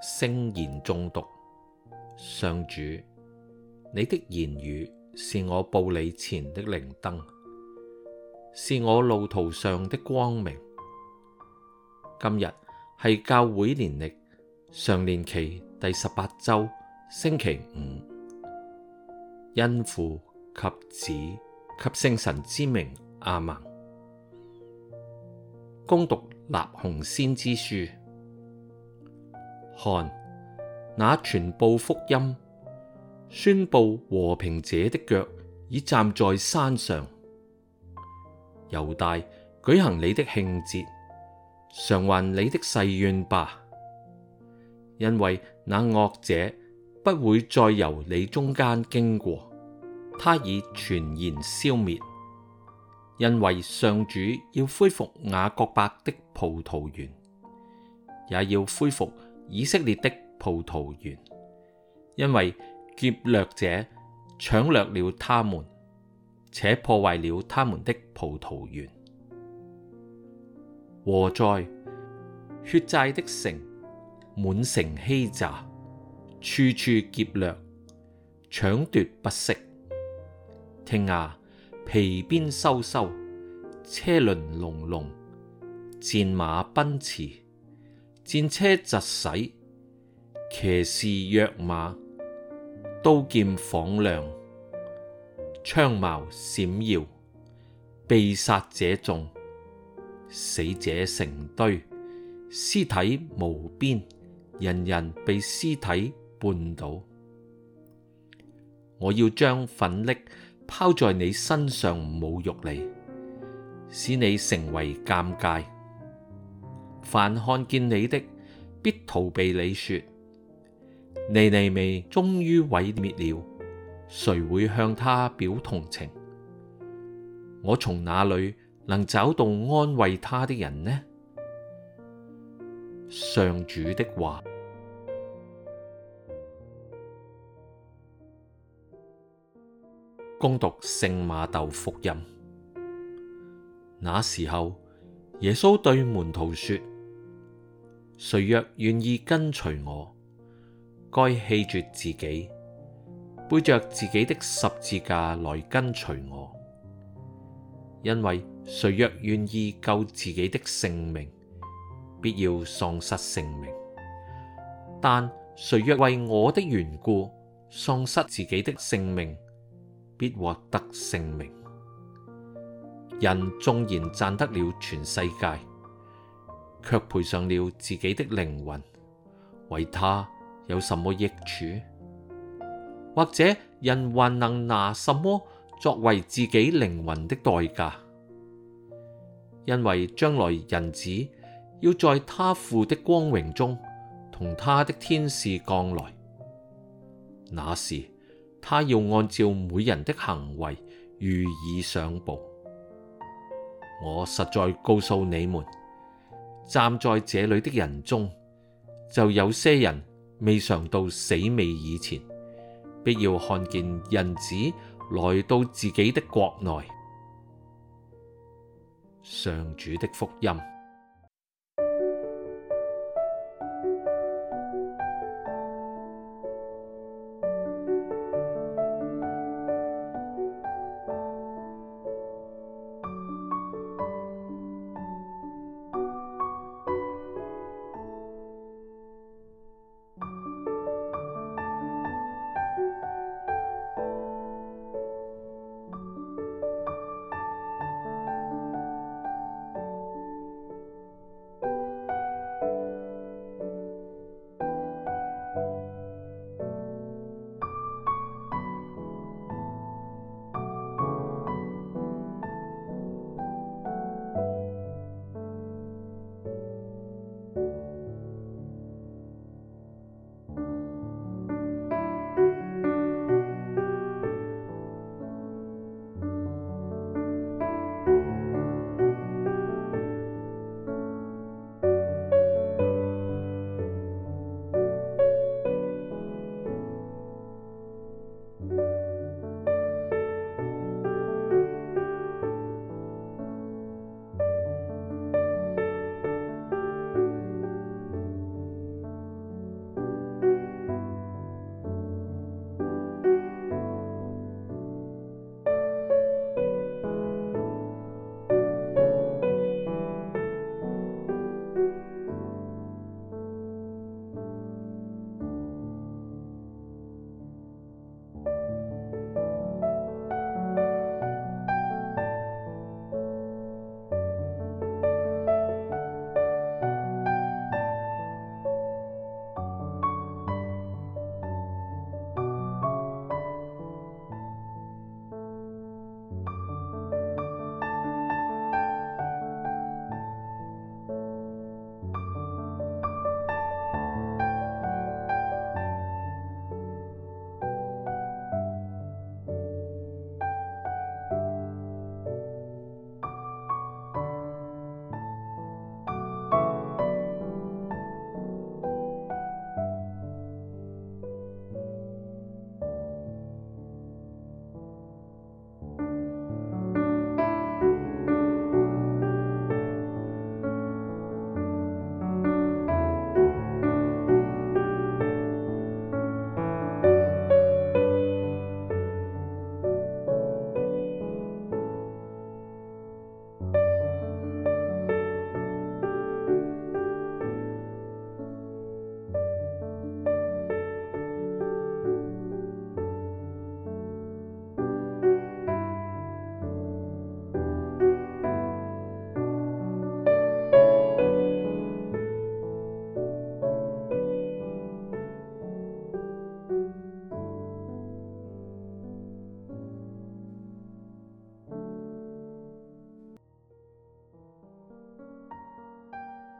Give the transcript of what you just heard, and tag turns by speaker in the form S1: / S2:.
S1: 聖言誦讀，上主，你的言語是我步履前的靈燈，是我路途上的光明。今日係教會年曆。常年期第十八周星期五，因父及子及聖神之名阿門。恭讀《納鴻先知書》，看，那傳報福音，宣佈和平者的腳已站在山上。猶大舉行你的慶節，償還你的誓願吧。因為那惡者不會再由你中間經過，他已全然消滅。因為上主要恢復雅各伯的葡萄園，也要恢復以色列的葡萄園，因為劫掠者搶掠了他們，且破壞了他們的葡萄園。禍哉！血債的城。滿城欺詐，處處劫掠，搶奪不息。聽啊，皮鞭颼颼，車輪隆隆，戰馬奔馳，戰車疾駛，騎士躍馬，刀劍晃亮，槍矛閃耀，被殺者眾，死者成堆，屍體無邊。人人被屍體絆倒，我要將糞溺拋在你身上侮辱你，使你成為鑑戒。凡看見你的必逃避你，說：尼尼微終於毀滅了，誰會向他表同情？我從哪裏能找到安慰他的人呢？上主的話。恭讀《聖瑪竇福音》，那時候，耶穌對門徒說：「誰若願意跟隨我，該棄絕自己，背着自己的十字架來跟隨我，因為誰若願意救自己的性命，必要喪失性命；但誰若為我的緣故喪失自己的性命，必獲得性命。人縱然賺得了全世界，卻賠上了自己的靈魂，為他有什麼益處？或者，人還能拿什麼作為自己靈魂的代價？因為將來人子要在他父的光榮中同他的天使降來，那時，他要按照每人的行為予以賞報。我實在告訴你們，站在這裏的人中，就有些人未嘗到死味以前，必要看見人子來到自己的國內。上主的福音。